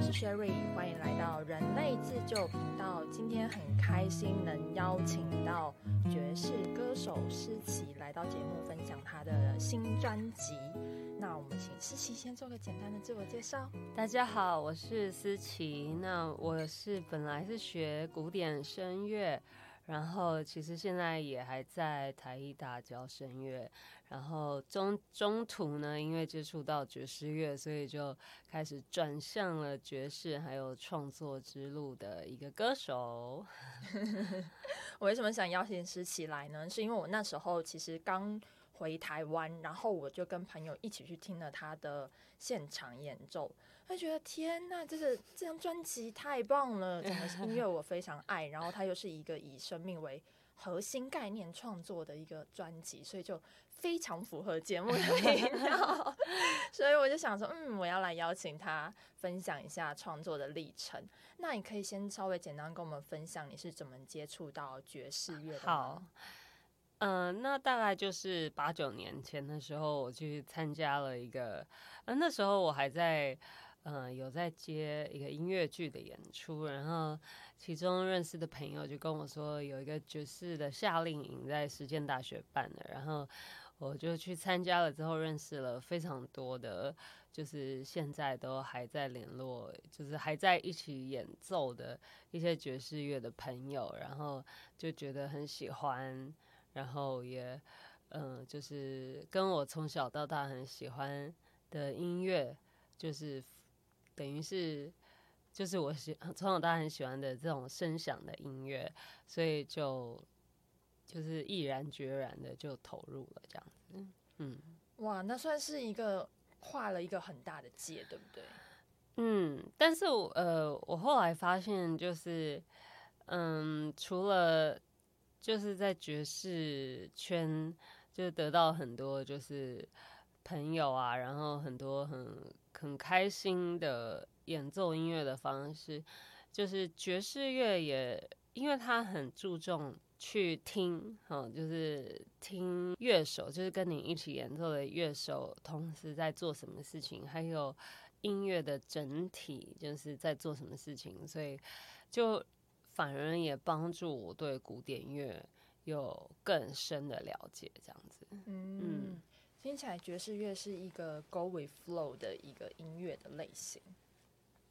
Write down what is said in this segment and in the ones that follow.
我是 Sherry，歡迎來到人類自救頻道。今天很開心能邀請到爵士歌手斯琪來到節目，分享她的新專輯。那我們請斯琪先做個簡單的自我介紹。大家好，我是斯琪。那我是本來是學古典聲樂。然後其實現在也還在台藝大教聲樂，然後中中途呢，因為接觸到爵士樂，所以就開始轉向了爵士還有創作之路的一個歌手。 我為什麼想邀請斯琪來呢？是因為我那時候其實剛回台灣，然後我就跟朋友一起去聽了他的現場演奏。我覺得天吶，就是這張專輯太棒了！整個音樂我非常愛，然後它又是一個以生命為核心概念創作的一個專輯，所以就非常符合節目的味道。 所以我就想說，嗯，我要來邀請他分享一下創作的歷程。那你可以先稍微簡單跟我們分享你是怎麼接觸到爵士樂的？好，嗯、呃，那大概就是八九年前的時候，我去參加了一個，啊、那時候我還在。嗯，有在接一個音樂劇的演出，然後其中認識的朋友就跟我說，有一個爵士的夏令營在實踐大學辦的，然後我就去參加了，之後認識了非常多的，就是現在都還在聯絡，就是還在一起演奏的一些爵士樂的朋友，然後就覺得很喜歡，然後也嗯，就是跟我從小到大很喜歡的音樂就是。等於是，就是我喜從小到大很喜歡的這種聲響的音樂，所以就就是毅然決然的就投入了這樣子。嗯，哇，那算是一個畫了一個很大的界，對不對？嗯，但是呃，我後來發現就是，嗯，除了就是在爵士圈就得到很多就是朋友啊，然後很多很。很開心的演奏音樂的方式，就是爵士樂也，因為他很注重去聽，嗯、哦，就是聽樂手，就是跟你一起演奏的樂手，同時在做什麼事情，還有音樂的整體就是在做什麼事情，所以就反而也幫助我對古典樂有更深的了解，這樣子，嗯。聽起來爵士樂是一個 go with flow 的一個音樂的類型。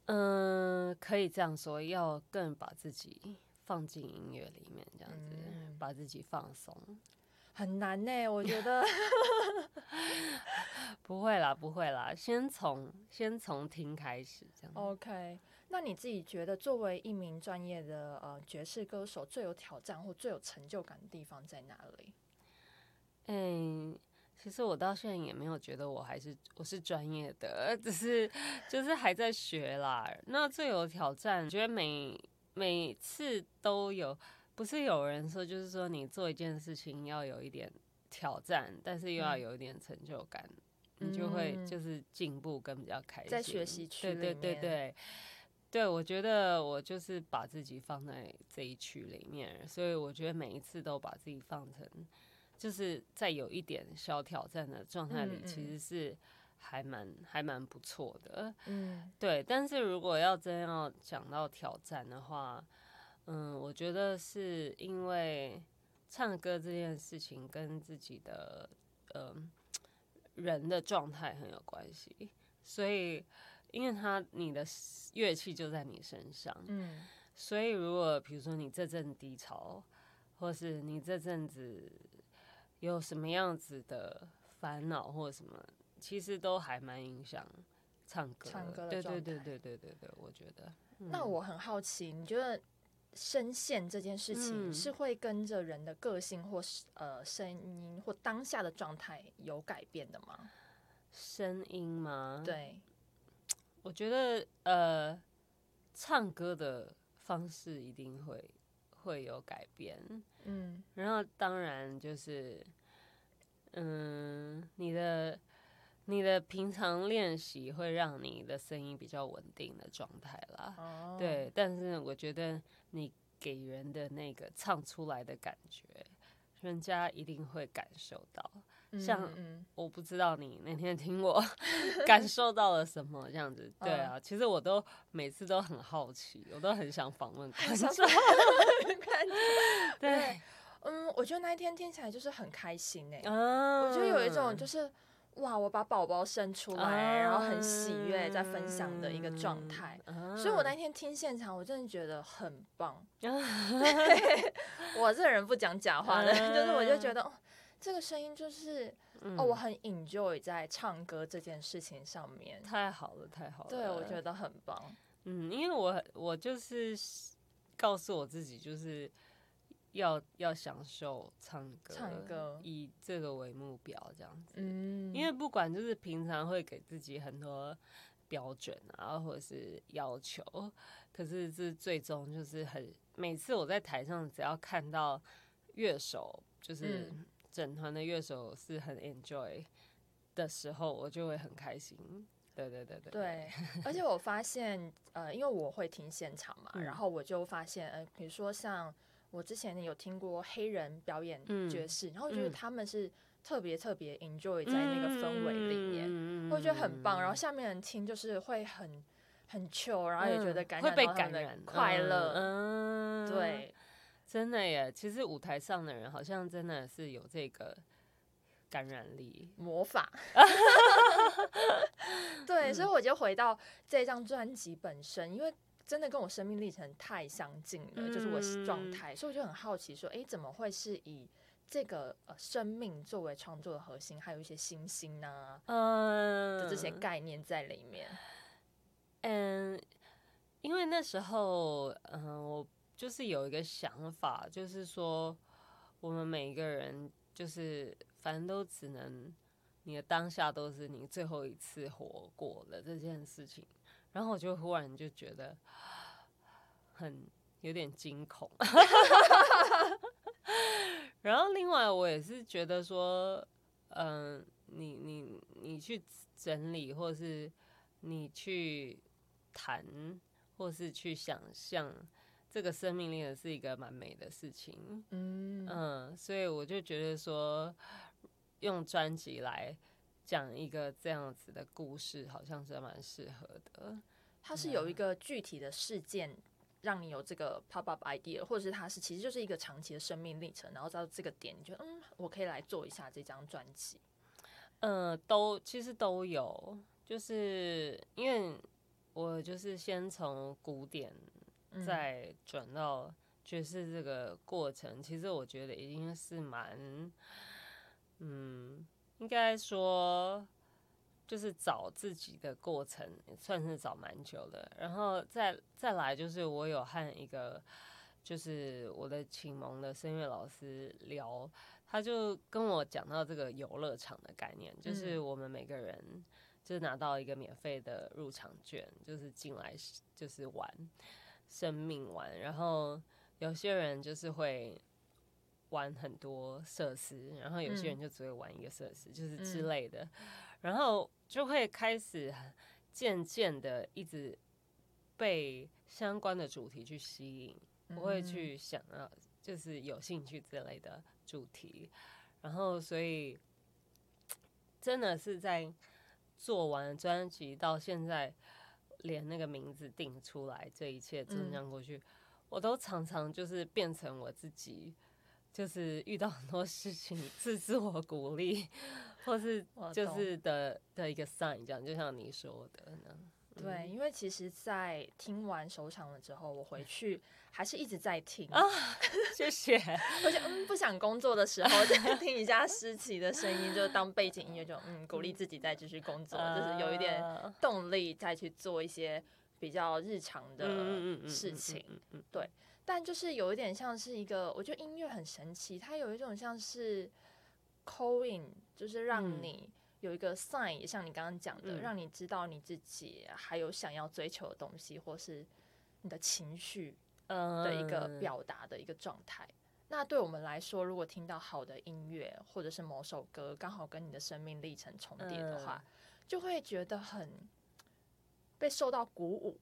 嗯、呃，可以這樣說，要更把自己放進音樂裡面，這樣子嗯嗯，把自己放鬆，很難呢、欸。我覺得 不會啦，不會啦，先從先從聽開始，這樣子。OK，那你自己覺得作為一名專業的呃爵士歌手，最有挑戰或最有成就感的地方在哪裡？嗯、欸。其實我到現在也沒有覺得我還是我是專業的，只是就是還在學啦。那最有挑戰，我覺得每每次都有，不是有人說就是說你做一件事情要有一點挑戰，但是又要有一點成就感，嗯、你就會就是進步跟比較開心。在學習區裡面，對對對對，對我覺得我就是把自己放在這一區裡面，所以我覺得每一次都把自己放成。就是在有一點小挑戰的狀態裡，其實是還蠻還蠻不錯的。嗯，對。但是如果要真要講到挑戰的話，嗯，我覺得是因為唱歌這件事情跟自己的呃人的狀態很有關係，所以因為他你的樂器就在你身上，所以如果比如說你這陣低潮，或是你這陣子。有什麼樣子的煩惱或什麼，其實都還蠻影響唱歌。唱歌的狀態。對對對對對對對，我覺得。那我很好奇，嗯、你覺得聲線這件事情是會跟着人的個性或是、嗯、呃聲音或當下的狀態有改變的嗎？聲音嗎？對，我覺得呃，唱歌的方式一定會。會有改變，嗯，然後當然就是，嗯，你的你的平常練習會讓你的聲音比較穩定的狀態啦。哦，對，但是我覺得你給人的那個唱出來的感覺，人家一定會感受到。像我不知道你那天聽我感受到了什麼這樣子，對啊，其實我都每次都很好奇，我都很想訪問、嗯。想、嗯、說，嗯、 對，嗯，我覺得那一天聽起來就是很開心誒、欸嗯，我覺得有一種就是哇，我把寶寶生出來、嗯，然後很喜悅在分享的一個狀態、嗯嗯，所以我那天聽現場，我真的覺得很棒。嗯嗯、 我這人不講假話的、嗯，就是我就覺得。這個聲音就是、嗯、哦，我很 enjoy 在唱歌這件事情上面。太好了，太好了，對，我覺得很棒。嗯，因為我我就是告訴我自己就是要要享受唱歌，唱歌以這個為目標這樣子、嗯。因為不管就是平常會給自己很多標準啊，或者是要求，可是是最終就是很每次我在台上只要看到樂手就是、嗯。整團的樂手是很 enjoy 的時候，我就會很開心。對對對對，對。而且我發現， 呃，因為我會聽現場嘛、嗯，然後我就發現，呃，比如說像我之前有聽過黑人表演爵士，嗯、然後就是他們是特別特別 enjoy 在那個氛圍裡面、嗯，我覺得很棒、嗯。然後下面人聽就是會很很 chill，然後也覺得感覺、嗯、被感染快樂、嗯。嗯，對。真的耶！其實舞台上的人好像真的是有這個感染力。魔法。 對，所以我就回到這張專輯本身，因為真的跟我生命歷程太相近了，就是我的狀態、嗯，所以我就很好奇說，哎、欸，怎麼會是以這個呃生命作為創作的核心，還有一些星星呢、啊？嗯，這些概念在裡面。嗯，因為那時候，嗯、呃，我。就是有一個想法，就是說我們每一個人，就是反正都只能你的當下都是你最後一次活過了這件事情，然後我就忽然就覺得很有點驚恐。 然後另外我也是覺得說，嗯、呃，你你你去整理，或是你去談，或是去想象。這個生命力也是一個蠻美的事情，嗯，嗯，所以我就覺得說，用專輯來講一個這樣子的故事，好像是蠻適合的。它是有一個具體的事件讓你有這個 pop up idea，或者是它是其實就是一個長期的生命歷程，然後到這個點你就，你覺得嗯，我可以來做一下這張專輯？嗯，都其實都有，就是因為我就是先從古典，再轉到爵士這個過程，嗯，其實我覺得已經是蠻，嗯，應該說就是找自己的過程，算是找蠻久的。然後再再來就是我有和一個就是我的啟蒙的聲樂老師聊，他就跟我講到這個遊樂場的概念，就是我們每個人就是拿到一個免費的入場券，就是進來就是玩。生命玩，然後有些人就是會玩很多設施，然後有些人就只會玩一個設施，嗯，就是之類的，嗯，然後就會開始漸漸的一直被相關的主題去吸引，嗯，不會去想要就是有興趣之類的主題，然後所以真的是在做完專輯到現在。連那個名字定出來，這一切終將過去，嗯，我都常常就是變成我自己，就是遇到很多事情，是 自我鼓勵，或是就是的的一個 sign，這樣，就像你說的那樣。對，因為其實，在聽完首場了之後，我回去還是一直在聽啊，謝謝。我就嗯，不想工作的時候就聽一下斯琪的聲音，就當背景音樂就，就嗯，鼓勵自己再繼續工作、嗯，就是有一點動力再去做一些比較日常的事情、嗯嗯嗯嗯嗯嗯嗯。對，但就是有一點像是一個，我覺得音樂很神奇，它有一種像是 calling，就是讓你。嗯有一個 sign，也像你剛剛講的、嗯，讓你知道你自己還有想要追求的東西，或是你的情緒，嗯，的一個表達的一個狀態、嗯。那對我們來說，如果聽到好的音樂，或者是某首歌剛好跟你的生命歷程重疊的話、嗯，就會覺得很被受到鼓舞。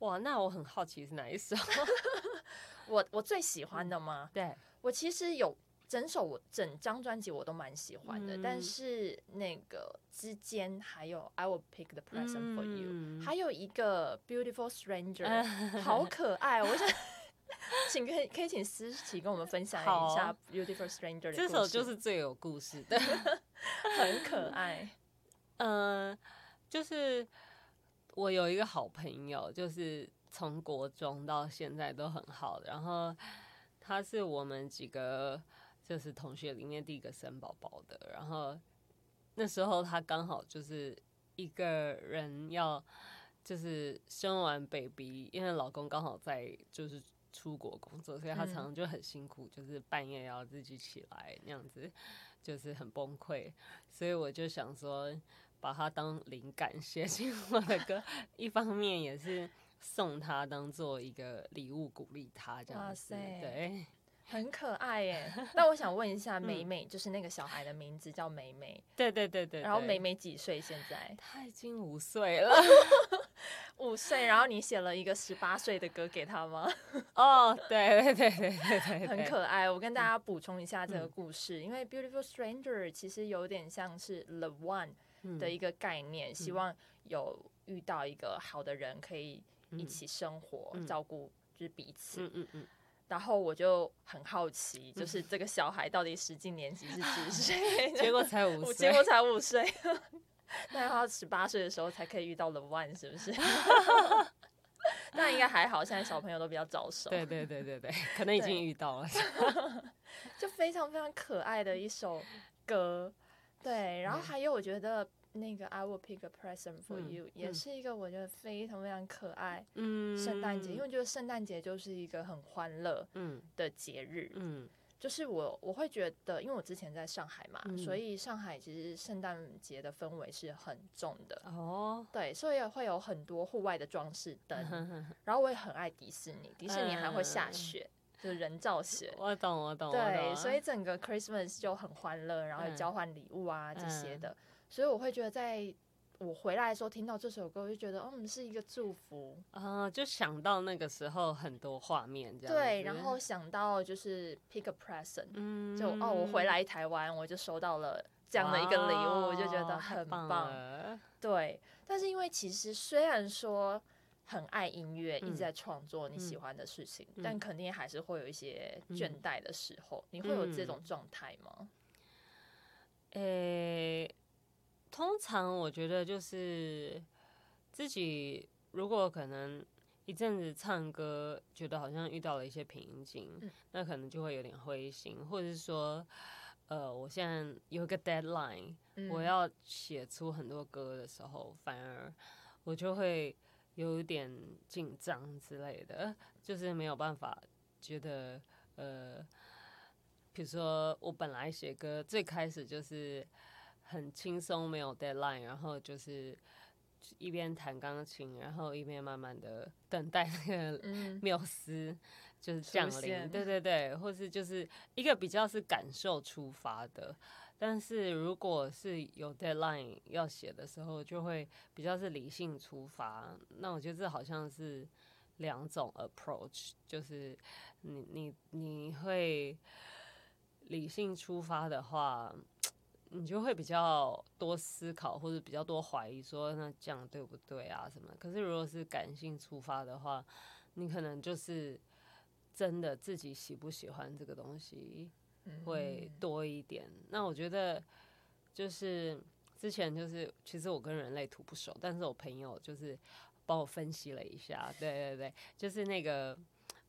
哇，那我很好奇是哪一首？ 我我最喜歡的嗎？對，我其實有。整首整張專輯我都蠻喜歡的、嗯，但是那個之間還有、嗯、I will pick the present for you，、嗯、還有一個 Beautiful Stranger，、嗯、好可愛、喔！我想 請可以可以請思琪跟我們分享一下 Beautiful Stranger 的故事。這首就是最有故事的， 很可愛。嗯、 呃，就是我有一個好朋友，就是從國中到現在都很好，然後他是我們幾個。就是同學裡面第一個生寶寶的，然後那時候她剛好就是一個人要，就是生完 baby，因為老公剛好在就是出國工作，所以她常常就很辛苦，就是半夜要自己起來那樣子，就是很崩潰。所以我就想說，把它當靈感寫進我的歌， 一方面也是送她當做一個禮物鼓勵她這樣子，對。很可愛耶，那 我想問一下妹妹，美、嗯、美就是那個小孩的名字叫美美，對,對對對對，然後美美幾歲？現在她已經五歲了， 五歲。然後你寫了一個十八歲的歌給她嗎？哦、 oh,，對對對對,對,對,對,對很可愛。我跟大家補充一下這個故事、嗯，因為 Beautiful Stranger 其實有點像是 The One 的一個概念，嗯、希望有遇到一個好的人，可以一起生活、嗯、照顧，就是彼此。嗯嗯嗯。嗯然後我就很好奇，就是這個小孩到底實際年紀是幾歲？結果才五歲，結果才五歲，那他十八歲的時候才可以遇到 The One，是不是？那 應該還好，現在小朋友都比較早熟。對對對對對，可能已經遇到了， 就非常非常可愛的一首歌。對，然後還有我覺得。那個 I will pick a present for you、嗯、也是一個我覺得非常非常可愛，聖誕節，因為我覺得聖誕節就是一個很歡樂的節日，嗯。嗯，就是我我會覺得，因為我之前在上海嘛，嗯、所以上海其實聖誕節的氛圍是很重的。哦，對，所以會有很多戶外的裝飾燈， 然後我也很愛迪士尼，迪士尼還會下雪，嗯、就是人造雪。我懂，我懂。對，啊、所以整個 Christmas 就很歡樂，然後交換禮物啊、嗯、這些的。所以我會覺得，在我回來的時候聽到這首歌，我就覺得，嗯、哦，是一個祝福啊、呃，就想到那個時候很多畫面，這樣，對。然後想到就是 Pick a Present、嗯、就哦，我回來台灣，我就收到了這樣的一個禮物，我、哦、就覺得很棒，棒、啊。對，但是因為其實雖然說很愛音樂，嗯、一直在創作你喜歡的事情、嗯，但肯定還是會有一些倦怠的時候。嗯、你會有這種狀態嗎？嗯、誒。通常我覺得就是自己，如果可能一陣子唱歌，覺得好像遇到了一些瓶頸，嗯，那可能就會有點灰心，或者是說，呃，我現在有一個 deadline，嗯，我要寫出很多歌的時候，反而我就會有一點緊張之類的，就是沒有辦法覺得，呃，比如說我本來寫歌最開始就是。很輕鬆，沒有 deadline，然後就是一邊彈鋼琴，然後一邊慢慢的等待那個繆斯、嗯、就是降臨。對對對，或是就是一個比較是感受出發的，但是如果是有 deadline 要寫的時候，就會比較是理性出發。那我覺得這好像是兩種 approach，就是你你你會理性出發的話。你就會比較多思考，或者比較多懷疑，說那這樣對不對啊？什麼？可是如果是感性出發的話，你可能就是真的自己喜不喜歡這個東西會多一點。那我覺得就是之前就是，其實我跟人類圖不熟，但是我朋友就是幫我分析了一下。對對對，就是那個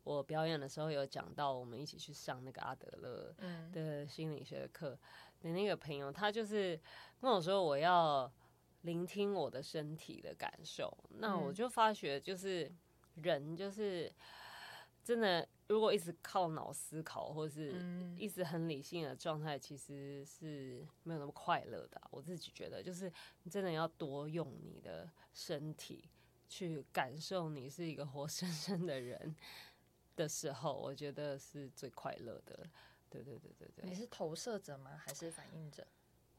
我表演的時候有講到，我們一起去上那個阿德勒的心理學課。你那個朋友，他就是跟我說我要聆聽我的身體的感受，那我就發覺，就是人就是真的，如果一直靠腦思考，或者是一直很理性的狀態，其實是沒有那麼快樂的啊。我自己覺得，就是真的要多用你的身體去感受，你是一個活生生的人的時候，我覺得是最快樂的。對對對對，對，你是投射者嗎？還是反映者？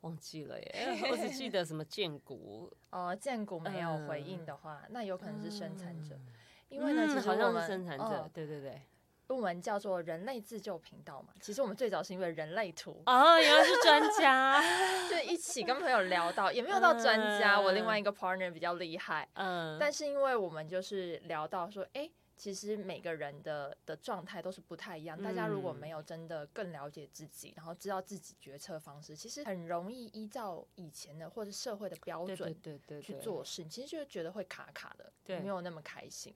忘記了耶， 我只記得什麼薦骨哦，薦骨沒有回應的話、嗯，那有可能是生產者，嗯、因為呢，其實我們生產者、哦，對對對，我們叫做人類自救頻道嘛。其實我們最早是因為人類圖啊，原、哦、來是專家， 就一起跟朋友聊到，也沒有到專家、嗯，我另外一個 partner 比較厲害，嗯，但是因為我們就是聊到說，哎。其實每個人的的狀態都是不太一樣。大家如果沒有真的更了解自己、嗯，然後知道自己決策方式，其實很容易依照以前的或者社會的標準去做事情，其實就覺得會卡卡的，沒有那麼開心，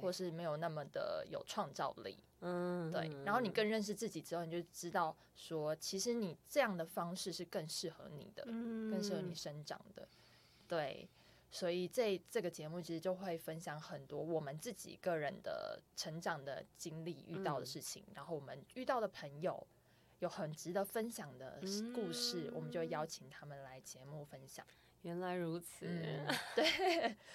或是沒有那麼的有創造力。嗯、對、嗯。然後你更認識自己之後，你就知道說，其實你這樣的方式是更適合你的，嗯、更適合你生長的，對。所以這這個節目其實就會分享很多我們自己個人的成長的經歷、遇到的事情、嗯，然後我們遇到的朋友有很值得分享的故事，嗯、我們就邀請他們來節目分享。原來如此，嗯、對，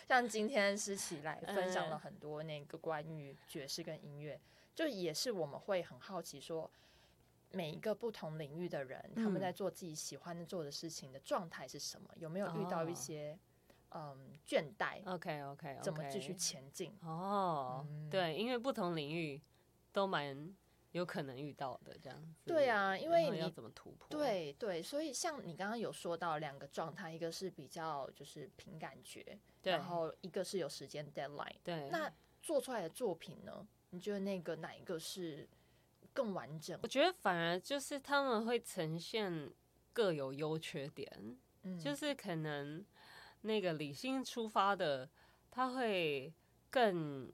像今天斯琪來分享了很多那個關於爵士跟音樂，嗯、就也是我們會很好奇說，每一個不同領域的人、嗯、他們在做自己喜歡做的事情的狀態是什麼，有沒有遇到一些。嗯，倦怠。OK，OK，okay, okay, okay. 怎麼繼續前進？哦，oh, 嗯，對，因為不同領域都蠻有可能遇到的，這樣子。對啊，因為你要怎麼突破？對對，所以像你剛剛有說到兩個狀態，一個是比較就是憑感覺，然後一個是有時間 deadline。對，那做出來的作品呢？你覺得那個哪一個是更完整？我覺得反而就是他們會呈現各有優缺點，嗯，就是可能。那個理性出發的，它會更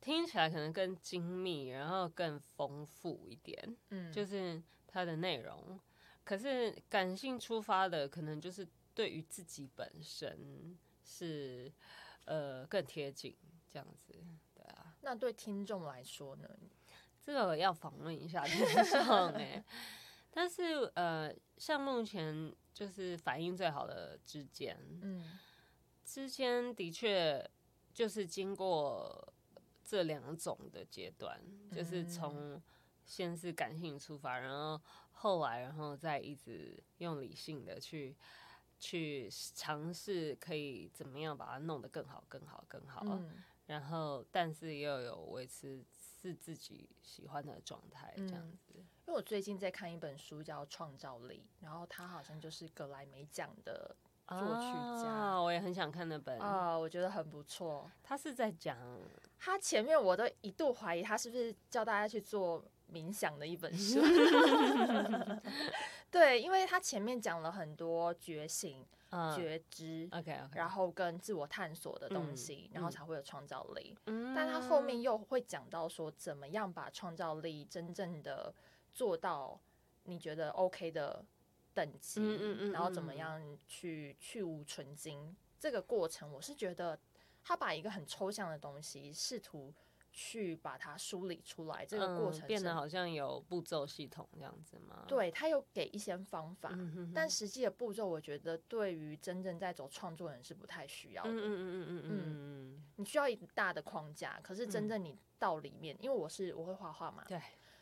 聽起來可能更精密，然後更豐富一點，嗯，就是它的內容。可是感性出發的，可能就是對於自己本身是呃更貼近這樣子，對啊。那對聽眾來說呢？這個要訪問一下聽眾哎。 但是呃，像目前。就是反應最好的之間，嗯，之間的確就是經過這兩種的階段，就是從先是感性出發，然後後來，然後再一直用理性的去去嘗試，可以怎麼樣把它弄得更好、更好、更好，嗯，然後但是又有維持是自己喜歡的狀態這樣子。嗯我最近在看一本書，叫《創造力》，然後他好像就是格萊美獎的作曲家。啊，我也很想看那本啊，我覺得很不錯。他是在講，他前面我都一度懷疑他是不是教大家去做冥想的一本書。 對，因為他前面講了很多覺醒、嗯、覺知 okay, okay. 然後跟自我探索的東西，嗯、然後才會有創造力。嗯、但他後面又會講到說，怎麼樣把創造力真正的。做到你覺得 OK 的等級，嗯嗯嗯嗯然後怎麼樣去去蕪存菁？這個過程，我是覺得他把一個很抽象的東西，試圖去把它梳理出來。這個過程、嗯、變得好像有步驟系統這樣子嗎？對，他有給一些方法，嗯、哼哼但實際的步驟，我覺得對於真正在走創作人是不太需要的。嗯,嗯,嗯,嗯,嗯,嗯你需要一個大的框架，可是真正你到裡面，嗯、因為我是我會畫畫嘛，對。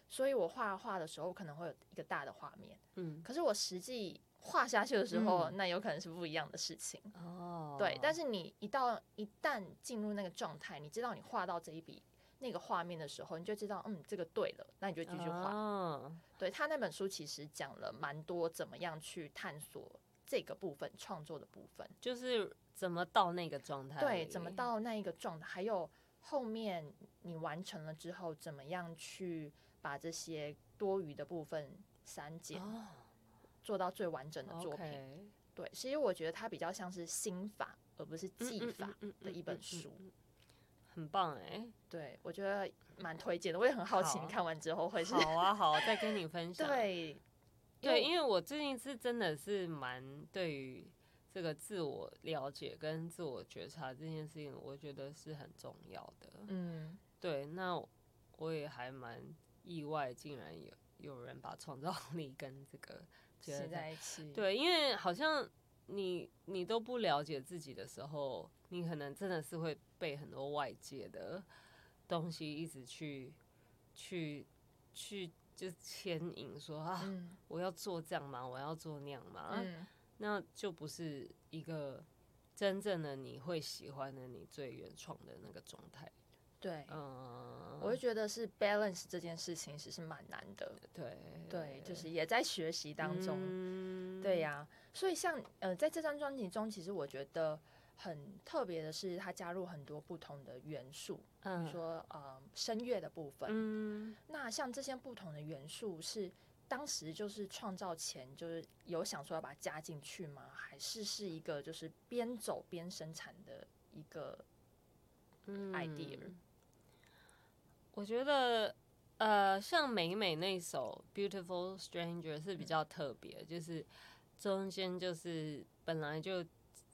所以我畫畫的時候，可能會有一個大的畫面，嗯，可是我實際畫下去的時候，嗯，那有可能是不一樣的事情哦。對，但是你一到一旦進入那個狀態，你知道你畫到這一筆那個畫面的時候，你就知道，嗯，這個對了，那你就繼續畫。嗯、哦，對，他那本書其實講了蠻多怎麼樣去探索這個部分創作的部分，就是怎麼到那個狀態，對，怎麼到那一個狀態，還有後面你完成了之後怎麼樣去。把這些多餘的部分刪減，oh. 做到最完整的作品。Okay. 對，其實我覺得它比較像是心法，而不是技法的一本書。嗯嗯嗯嗯嗯嗯、很棒哎、欸，對我覺得蠻推薦的。我也很好奇，你看完之後會是好，好啊好，啊好啊，再跟你分享。 對，對，因為我最近是真的是蠻對於這個自我了解跟自我覺察這件事情，我覺得是很重要的。嗯，對，那我，我也還蠻。意外竟然有有人把創造力跟這個結合在一起，對，因為好像你你都不了解自己的時候，你可能真的是會被很多外界的東西一直去去去就牽引，說啊，我要做這樣嘛，我要做那樣嘛，那就不是一個真正的你會喜歡的你最原創的那個狀態。對，uh... 我就覺得是 balance 這件事情其實是蠻難的，對，對，對，對，對，就是也在學習當中，嗯、對呀、啊，所以像呃，在這張專輯中，其實我覺得很特別的是，它加入很多不同的元素，uh... 比如說呃，聲樂的部分，嗯，那像這些不同的元素是當時就是創造前就是有想說要把它加進去嗎？還是是一個就是邊走邊生產的一個 idea？、嗯我覺得，呃，像美美那首《Beautiful Stranger》是比較特別，就是中間就是本來就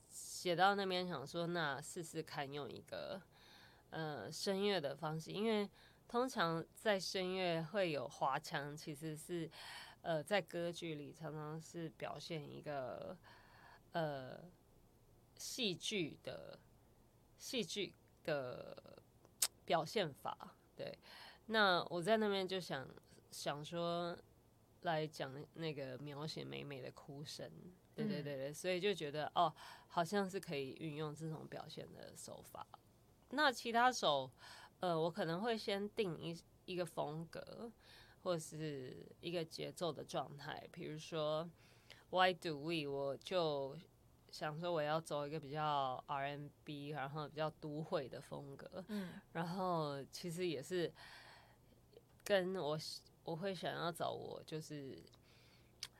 寫到那邊，想說那試試看用一個呃聲樂的方式，因為通常在聲樂會有花腔，其實是呃在歌劇裡常常是表現一個呃戲劇的戲劇的表現法。對，那我在那邊就想想說來講那個描寫美美的哭聲，對、嗯、對對對，所以就覺得哦，好像是可以運用這種表現的手法。那其他手，呃，我可能會先定一一個風格，或是一個節奏的狀態，比如說 Why do we？我就想說我要走一個比較 R&B，然後比較都會的風格，然後其實也是跟我我會想要找我就是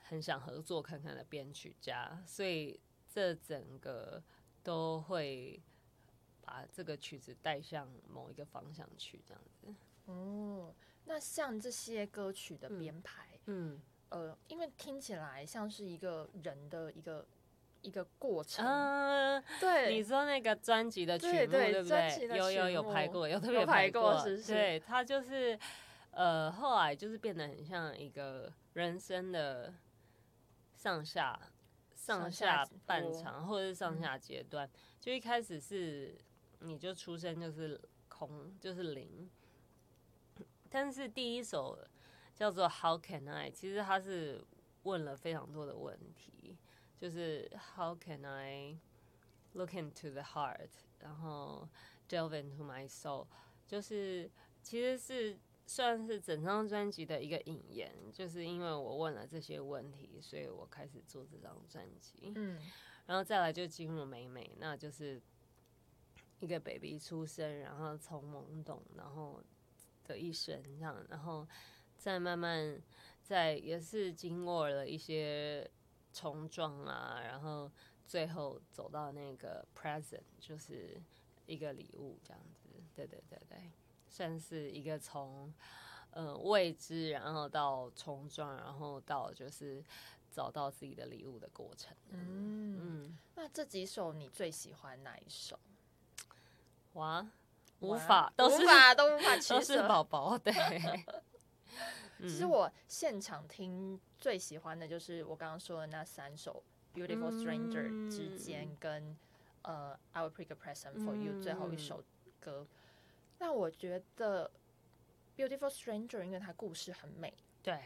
很想合作看看的編曲家，所以這整個都會把這個曲子帶向某一個方向去這樣子。哦，嗯，那像這些歌曲的編排，嗯，嗯，呃，因為聽起來像是一個人的一個。一個過程，嗯、uh，對，你說那個專輯的曲目，對，對，對不對？有有有拍過，有特別拍過，是是。對，他就是，呃，後來就是變得很像一個人生的上下上下半場，或者是上下階段、嗯。就一開始是，你就出生就是空，就是零。但是第一首叫做《How Can I》，其實他是問了非常多的問題。就是 How can I look into the heart？然後 delve into my soul。就是其實是算是整張專輯的一個引言，就是因為我問了這些問題，所以我開始做這張專輯。嗯，然後再來就進入美美，那就是一個 baby 出生，然後從懵懂，然後的一生這樣，然後再慢慢再也是經過了一些衝撞啊，然後最後走到那個 present，就是一個禮物這樣子。對對對對，算是一個從嗯、呃、未知，然後到衝撞，然後到就是找到自己的禮物的過程。嗯嗯，那這幾首你最喜歡哪一首？哇，無法都是無法都無法，其實寶寶對。 其實我現場聽最喜歡的就是我剛剛說的那三首《Beautiful Stranger》之間跟呃《I'll Pick a Present for You》、嗯，最後一首歌。那我覺得《Beautiful Stranger》因為它故事很美，對，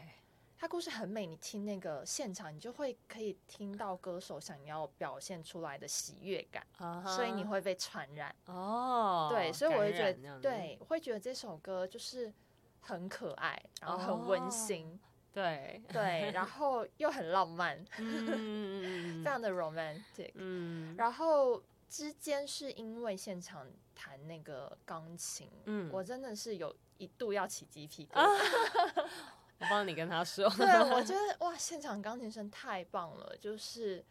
它故事很美，你聽那個現場，你就會可以聽到歌手想要表現出來的喜悅感、uh-huh，所以你會被傳染。哦、oh，對，所以我會覺得，對，我會覺得這首歌就是。很可愛，然後很溫馨，oh, 對對，然後又很浪漫，mm -hmm. 非常的 romantic。Mm -hmm. 然後之間是因為現場彈那個鋼琴，mm -hmm. 我真的是有一度要起雞皮疙瘩。Uh, 我幫你跟他說， 對，我覺得哇，現場鋼琴聲太棒了，就是。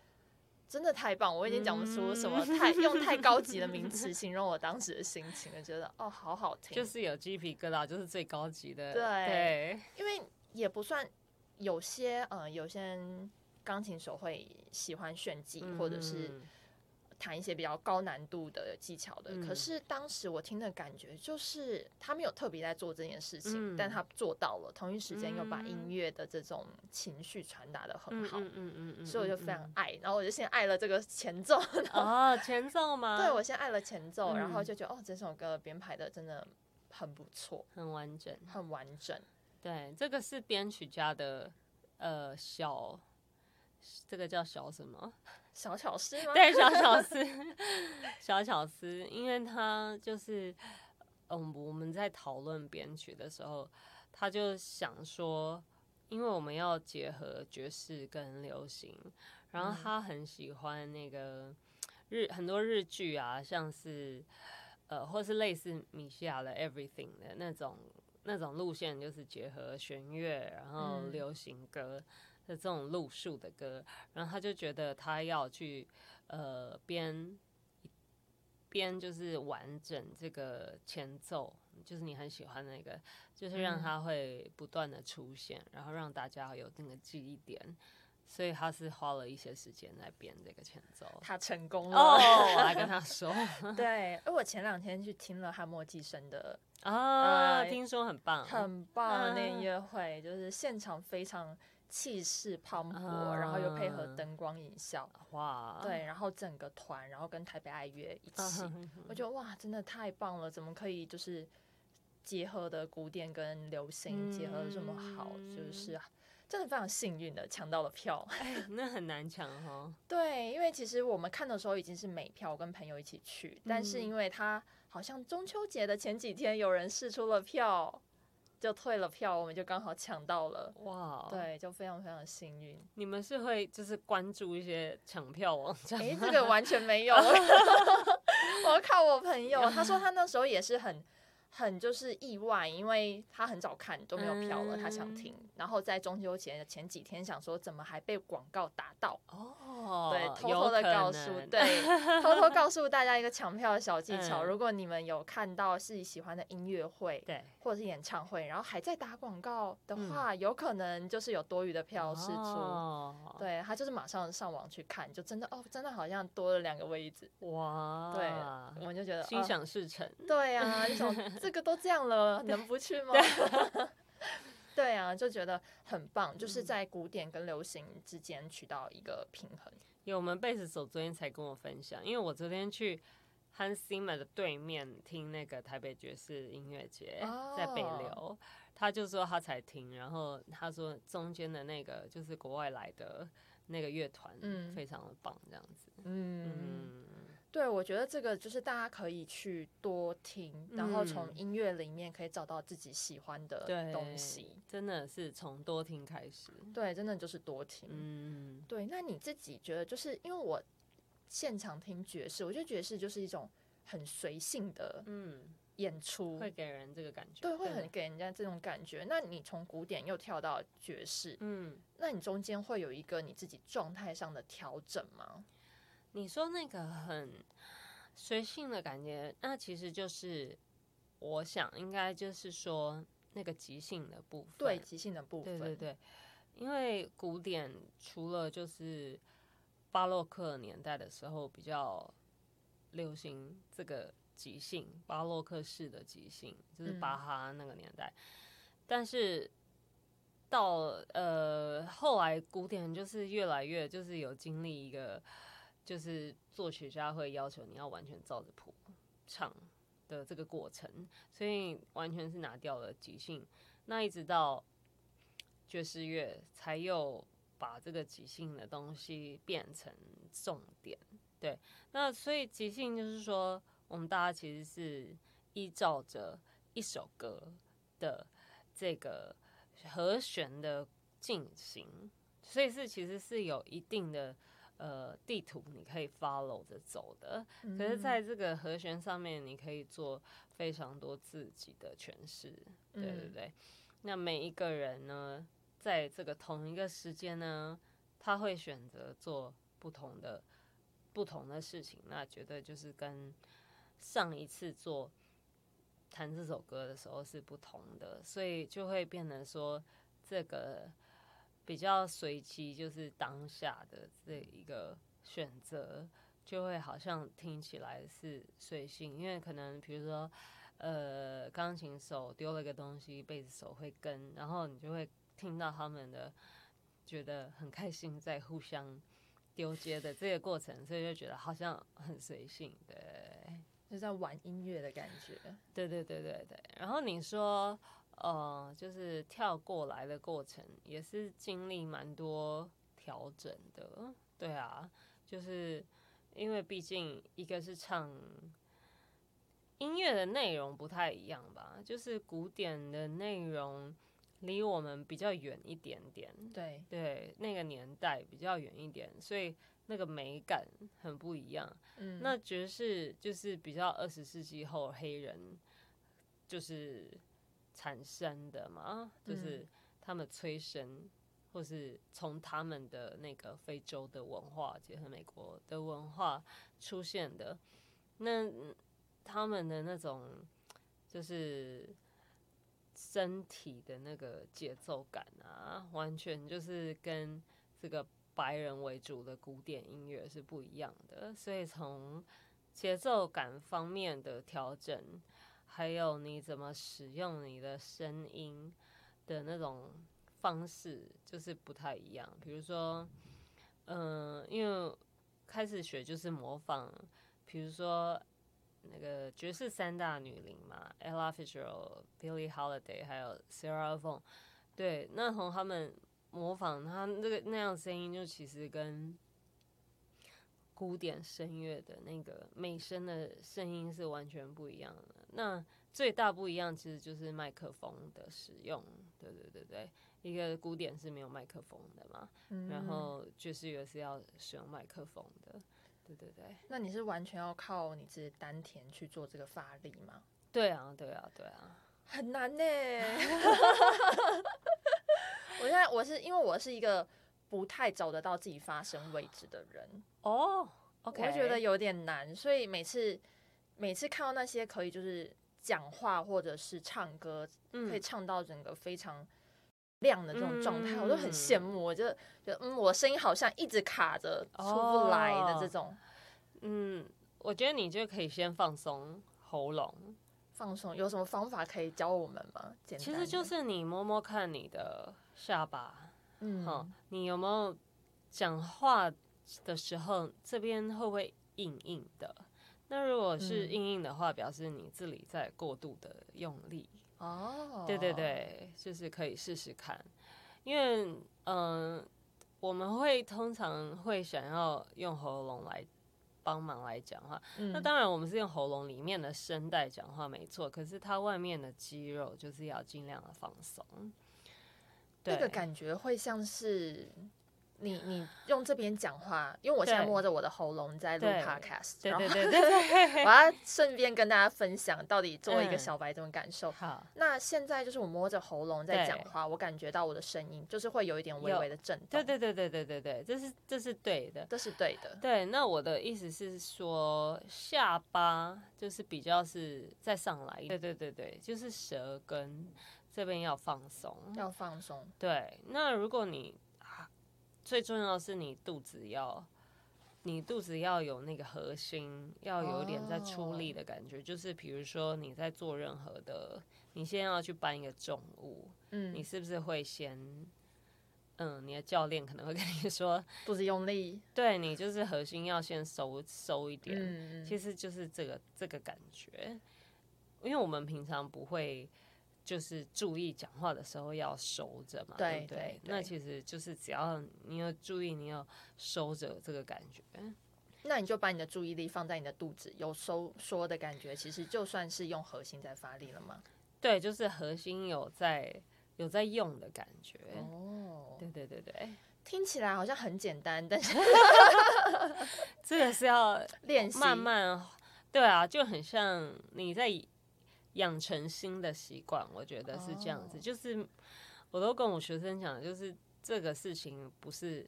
真的太棒，我已經講不出什麼、嗯、太用太高級的名詞形容我當時的心情了。 覺得哦，好好聽，就是有雞皮疙瘩，就是最高級的。對，對，因為也不算有些、呃，有些嗯，有些人鋼琴手會喜歡炫技，嗯、或者是。彈一些比較高難度的技巧的、嗯，可是當時我聽的感覺就是他沒有特別在做這件事情、嗯，但他做到了，同一時間又把音樂的這種情緒傳達得很好，嗯嗯嗯，嗯，嗯，所以我就非常愛、嗯，然後我就先愛了這個前奏，哦， 前奏嗎？對，我先愛了前奏，嗯、然後就覺得哦，這首歌編排的真的很不錯，很完整，很完整，對，這個是編曲家的，呃，小，這個叫小什麼？小巧思嗎？對，小巧思，小巧思，因為他就是，嗯，我們在討論編曲的時候，他就想說，因為我們要結合爵士跟流行，然後他很喜歡那個日很多日劇啊，像是呃，或是類似米西亞的 Everything 的那種那種路線，就是結合弦樂然後流行歌。嗯的這種路數的歌，然後他就覺得他要去，呃，編，編就是完整這個前奏，就是你很喜歡那個，就是讓他會不斷的出現、嗯，然後讓大家有那個記憶點，所以他是花了一些時間來編這個前奏，他成功了，oh, 我來跟他說， 對，而我前兩天去聽了漢默寄生的啊、呃，聽說很棒，很棒的那音樂會就是現場非常。氣勢磅礴，uh, 然後又配合燈光影像。哇、wow.！對，然後整個團，然後跟台北愛樂一起，uh, uh, uh, 我覺得哇，真的太棒了！怎麼可以就是結合的古典跟流行結合的這麼好，嗯、就是、啊、真的非常幸運的搶到了票。 那很難搶哈、哦。對，因為其實我們看的時候已經是尾票，跟朋友一起去，但是因為他好像中秋節的前幾天有人釋出了票。就退了票，我們就剛好搶到了，哇、wow！對，就非常非常幸運。你們是會就是關注一些搶票網站？哎、欸，這個完全沒有， 我靠！我朋友他說他那時候也是很。很就是意外，因為他很早看都沒有票了，他想聽，嗯嗯然後在中秋前前幾天想說，怎麼還被廣告打到？哦，對，偷偷的告訴，對，偷偷告訴大家一個搶票的小技巧，嗯，如果你們有看到自己喜歡的音樂會，或者是演唱會，然後還在打廣告的話，嗯，有可能就是有多餘的票釋出，哦，對，他就是馬上上網去看，就真的哦，真的好像多了兩個位置，哇，對，我們就覺得心想事成，哦，對啊，一種。這個都這樣了，能不去嗎？對，對， 對啊，就覺得很棒，嗯，就是在古典跟流行之間取到一個平衡。因為我們貝斯手昨天才跟我分享，因為我昨天去 Hans Zimmer 的對面聽那個台北爵士音樂節，在北流，哦，他就說他才聽，然後他說中間的那個就是國外來的那個樂團，嗯，非常的棒，這樣子，嗯。嗯對，我覺得這個就是大家可以去多聽、嗯，然後從音樂裡面可以找到自己喜歡的東西。對。真的是從多聽開始。對，真的就是多聽。嗯，對。那你自己覺得，就是因為我現場聽爵士，我覺得爵士就是一種很隨性的演出、嗯，會給人這個感覺。對，會很給人家這種感覺。那你從古典又跳到爵士，嗯，那你中間會有一個你自己狀態上的調整嗎？你說那個很隨性的感覺，那其實就是我想應該就是說那個即興的部分，對，即興的部分，對對對。因為古典除了就是巴洛克年代的時候比較流行這個即興，巴洛克式的即興，就是巴哈那個年代。嗯。但是到呃後來古典就是越來越就是有經歷一個。就是作曲家會要求你要完全照着譜唱的這個過程，所以完全是拿掉了即興。那一直到爵士樂才又把這個即興的東西變成重點。對，那所以即興就是說，我們大家其實是依照着一首歌的這個和弦的進行，所以是其實是有一定的。呃，地圖你可以 follow 着走的，嗯，可是在這個和弦上面，你可以做非常多自己的詮釋，嗯，對對對。那每一個人呢，在這個同一個時間呢，他會選擇做不同的不同的事情，那絕對就是跟上一次做彈這首歌的時候是不同的，所以就會變成說這個。比較隨機，就是當下的這一個選擇，就會好像聽起來是隨性，因為可能比如說，呃，鋼琴手丟了個東西，貝斯手會跟，然後你就會聽到他們的，覺得很開心在互相丟接的這個過程，所以就覺得好像很隨性，對，就在、是、玩音樂的感覺，對對對對對。然後你說。呃、uh，就是跳過來的過程也是經歷蠻多調整的，對啊，就是因為畢竟一個是唱音樂的內容不太一樣吧，就是古典的內容離我們比較遠一點點，對對，那個年代比較遠一點，所以那個美感很不一樣。嗯，那爵士就是比較二十世紀後黑人，就是。產生的嘛，就是他們催生，嗯、或是從他們的那個非洲的文化結合美國的文化出現的。那他們的那種就是身體的那個節奏感啊，完全就是跟這個白人為主的古典音樂是不一樣的。所以從節奏感方面的調整。還有你怎麼使用你的聲音的那種方式，就是不太一樣。比如說，嗯、呃，因為開始學就是模仿，比如說那個爵士三大女伶嘛，Ella Fitzgerald、Billie Holiday，還有 Sarah Vaughan。對，那從他們模仿他那個那樣聲音，就其實跟古典聲樂的那個美聲的聲音是完全不一樣的。那最大不一樣其實就是麥克風的使用，對對對對，一個古典是沒有麥克風的嘛，嗯、然後爵士樂是要使用麥克風的，對對對。那你是完全要靠你自己丹田去做這個發力嗎？對啊對啊對啊，很難耶。 我現在我是因為我是一個不太找得到自己發聲位置的人哦，oh, okay. 我覺得有點難，所以每次。每次看到那些可以就是講話或者是唱歌，嗯、可以唱到整個非常亮的這種狀態，嗯、我都很羨慕。我就覺得嗯，我聲音好像一直卡着出不來的這種、哦。嗯，我覺得你就可以先放鬆喉嚨，放鬆。有什麼方法可以教我們嗎？簡單其實就是你摸摸看你的下巴，嗯，哦、你有沒有講話的時候這邊會不會硬硬的？那如果是硬硬的話，表示你自己在過度的用力哦。對對對，就是可以試試看，因為嗯、呃，我們會通常會想要用喉嚨來幫忙來講話。那當然，我們是用喉嚨裡面的聲帶講話沒錯，可是它外面的肌肉就是要儘量的放鬆。對，這個感覺會像是。你你用這邊講話，因為我現在摸着我的喉嚨在錄 podcast，對對對對。我要順便跟大家分享到底作為一個小白怎麼感受。嗯，好。那現在就是我摸着喉嚨在講話，我感覺到我的聲音就是會有一點微微的震動。對對對對對對對，這是這是對的，這是對的。對，那我的意思是說下巴就是比較是再上來一點。對對對對，就是舌根這邊要放鬆，要放鬆。對，那如果你。最重要的是你肚子要，你肚子要有那個核心，要有一點在出力的感覺。Oh. 就是比如說你在做任何的，你先要去搬一個重物，嗯，你是不是會先，嗯，你的教練可能會跟你說，肚子用力，對你就是核心要先收收一點，嗯，其實就是這個這個感覺，因為我們平常不會。就是注意講話的時候要收着嘛，對，對不對？對，對？那其實就是只要你有注意，你有收着這個感覺，那你就把你的注意力放在你的肚子，有收縮的感覺，其實就算是用核心在發力了嘛。對，就是核心有在有在用的感覺。哦、oh，對對對對，聽起來好像很簡單，但是 這個是要練習。慢慢，對啊，就很像你在。養成新的習慣，我覺得是這樣子。Oh. 就是我都跟我學生講，就是這個事情不是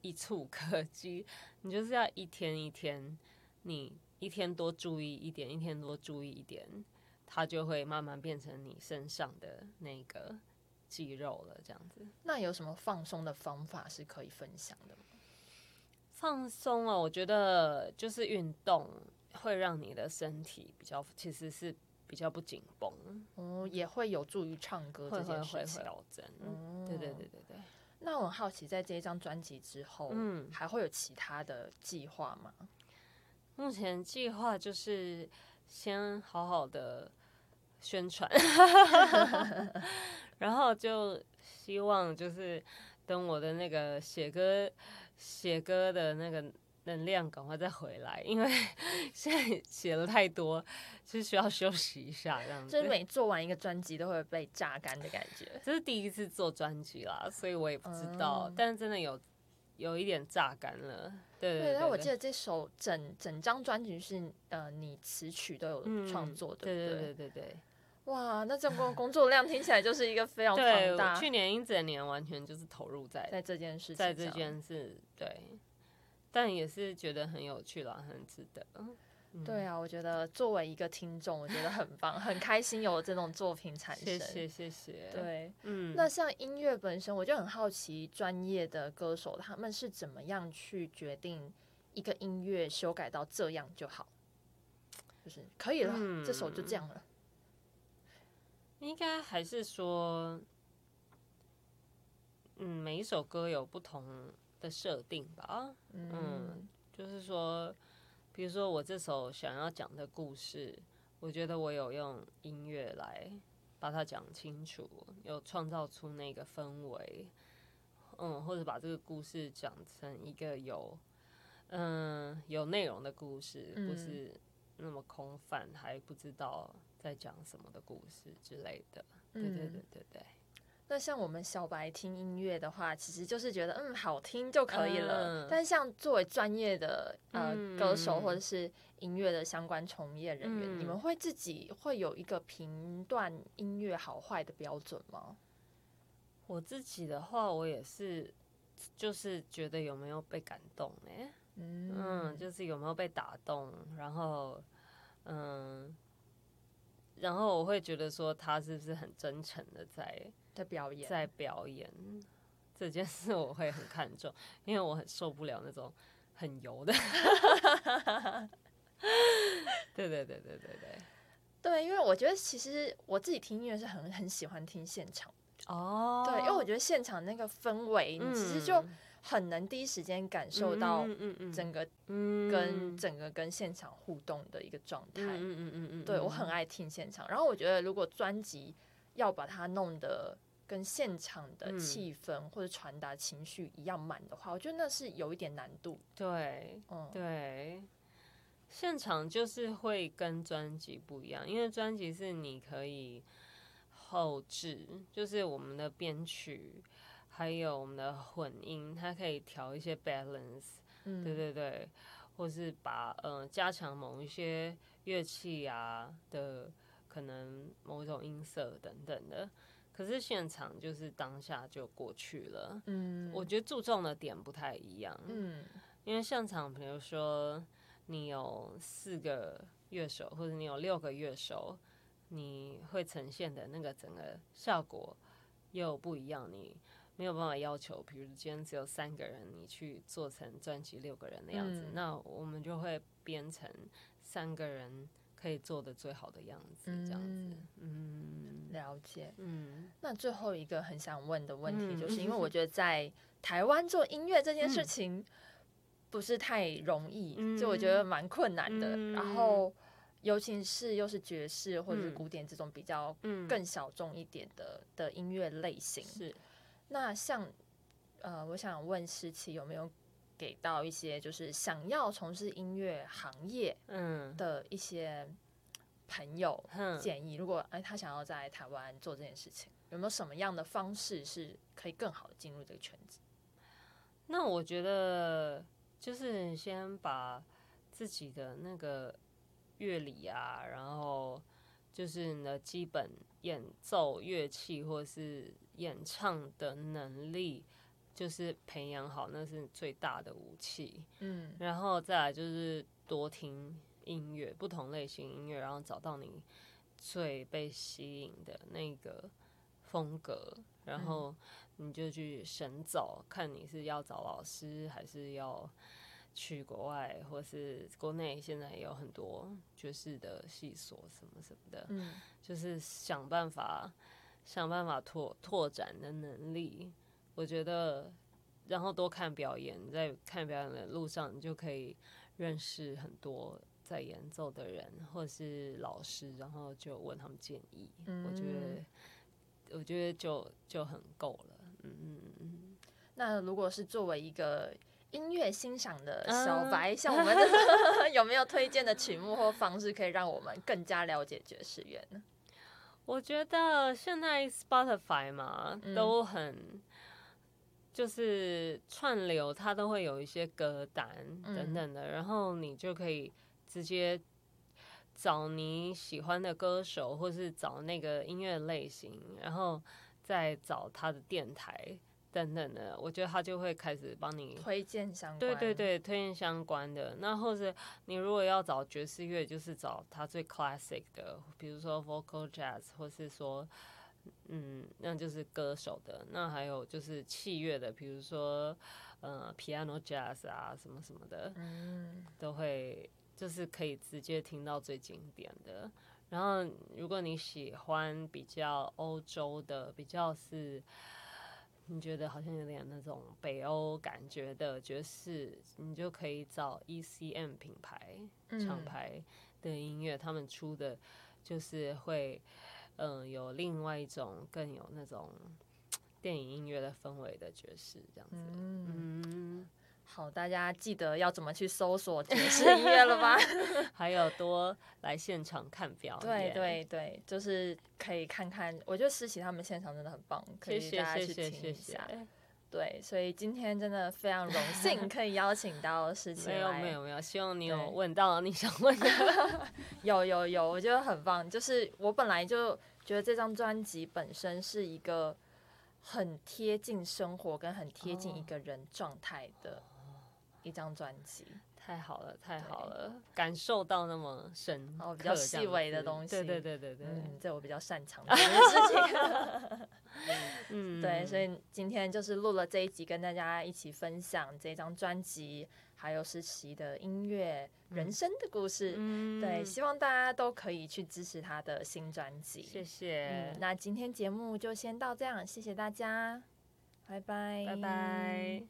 一蹴可及，你就是要一天一天，你一天多注意一點，一天多注意一點，它就會慢慢變成你身上的那個肌肉了。這樣子，那有什麼放鬆的方法是可以分享的嗎？放鬆啊、哦，我覺得就是運動會讓你的身體比較，其實是。比較不緊繃，哦、嗯，也會有助於唱歌會會會這件事情調整。對、嗯、對對對對。那我很好奇，在這一張專輯之後，嗯，還會有其他的計劃嗎？目前計劃就是先好好的宣傳， 然後就希望就是等我的那個寫歌寫歌的那個。能量趕快再回來，因為現在寫了太多，就是需要休息一下這樣子。就是每做完一個專輯都會被榨乾的感覺。 這是第一次做專輯啦，所以我也不知道，嗯、但真的有有一點榨乾了。對對、對、對、對，但我記得這首整整張專輯是呃你詞曲都有創作的、嗯，對對、對對對對。哇，那這工工作量聽起來就是一個非常龐大。去年一整年完全就是投入在在這件事情上，在這件事，對。但也是覺得很有趣了，很值得，嗯。對啊，我覺得作為一個聽眾，我覺得很棒， 很開心有這種作品產生。謝謝，謝謝。對，嗯。那像音樂本身，我就很好奇，專業的歌手他們是怎麼樣去決定一個音樂修改到這樣就好，就是可以了，嗯，這首就這樣了。應該還是說，嗯，每一首歌有不同。的設定吧，嗯，就是說，比如說我這首想要講的故事，我覺得我有用音樂來把它講清楚，有創造出那個氛圍，嗯，或者，把這個故事講成一個有，嗯，有內容的故事，不是那麼空泛，還不知道在講什麼的故事之類的，對對對對對，對。那像我們小白聽音樂的話，其實就是覺得嗯，好聽就可以了。嗯、但像作為專業的呃、嗯、歌手或者是音樂的相關從業人員、嗯，你們會自己會有一個評斷音樂好壞的標準嗎？我自己的話，我也是就是覺得有沒有被感動哎、欸嗯，嗯，就是有沒有被打動，然後嗯，然後我會覺得說他是不是很真誠的在。在表演，在表演這件事，我會很看重，因為我很受不了那種很油的。 對對對對對對對，因為我覺得其實我自己聽音樂是很很喜歡聽現場哦，oh. 對，因為我覺得現場那個氛圍，mm. 你其實就很能第一時間感受到，整個跟、mm. 整個跟現場互動的一個狀態，嗯嗯嗯，對，我很愛聽現場，然後我覺得如果專輯。要把它弄得跟現場的氣氛或者傳達情緒一樣滿的話，嗯，我覺得那是有一點難度。對，嗯，對。現場就是會跟專輯不一樣，因為專輯是你可以後製，就是我們的編曲，還有我們的混音，它可以調一些 balance。嗯，對對對，或是把嗯、呃、加強某一些樂器啊的。可能某種音色等等的，可是現場就是當下就過去了。嗯，我覺得注重的點不太一樣。嗯，因為現場，比如說你有四個樂手，或者你有六個樂手，你會呈現的那個整個效果又不一樣。你沒有辦法要求，比如今天只有三個人，你去做成專輯六個人的樣子。嗯，那我們就會編成三個人，可以做的最好的樣子，這樣子嗯，嗯，了解。嗯。那最後一個很想問的問題，就是因為我覺得在台灣做音樂這件事情不是太容易，嗯、就我覺得蠻困難的。嗯、然後，尤其是又是爵士或者古典這種比較更小眾一點的、嗯、的音樂類型，是。那像呃，我想問斯琪有沒有給到一些就是想要從事音樂行業嗯的一些朋友建議，嗯嗯、如果哎他想要在台灣做這件事情，有沒有什麼樣的方式是可以更好的進入這個圈子？那我覺得就是先把自己的那個樂理啊，然後就是你的基本演奏樂器或是演唱的能力。就是培養好，那是最大的武器。嗯，然後再來就是多聽音樂，不同類型音樂，然後找到你最被吸引的那個風格，然後你就去尋找、嗯，看你是要找老師，還是要去國外，或是國內現在也有很多爵士的系所什麼什麼的、嗯。就是想辦法，想辦法拓拓展的能力。我覺得，然後多看表演，在看表演的路上，你就可以認識很多在演奏的人或是老師，然後就問他們建議。嗯、我覺得，我覺得就就很夠了。嗯嗯嗯。那如果是作為一個音樂欣賞的小白，嗯、像我們 有沒有推薦的曲目或方式，可以讓我們更加了解爵士樂呢？我覺得現在 Spotify 嘛，都很、嗯。就是串流，它都會有一些歌單等等的，嗯，然後你就可以直接找你喜歡的歌手，或是找那個音樂類型，然後再找它的電台等等的。我覺得它就會開始幫你推薦相關，對對對，推薦相關的。那或者你如果要找爵士樂，就是找它最 classic 的，比如說 vocal jazz，或是說。嗯，那就是歌手的，那還有就是器樂的，比如說呃，piano jazz 啊，什麼什麼的，嗯，都會就是可以直接聽到最經典的。然後，如果你喜歡比較歐洲的，比較是你覺得好像有點那種北歐感覺的爵士，你就可以找 ECM 品牌廠牌的音樂，嗯，他們出的就是會。嗯、呃，有另外一種更有那種電影音樂的氛圍的爵士，這樣子嗯。嗯，好，大家記得要怎麼去搜索爵士音樂了吧？ 還有多來現場看表演。對對對，就是可以看看，我覺得斯琪他們現場真的很棒，可以大家去聽一下。對，所以今天真的非常榮幸可以邀請到斯琪來 沒有沒有沒有，希望你有問到你想問的。 有有有，我覺得很棒。就是我本來就覺得這張專輯本身是一個很貼近生活跟很貼近一個人狀態的一張專輯。太好了，太好了，感受到那麼深，哦，比較細微的東西，對對對對對，嗯、這我比較擅長的事情。嗯，對，所以今天就是錄了這一集，跟大家一起分享這張專輯，還有斯琪的音樂、嗯、人生的故事、嗯。對，希望大家都可以去支持他的新專輯。謝謝。嗯、那今天節目就先到這樣，謝謝大家，拜拜，拜拜。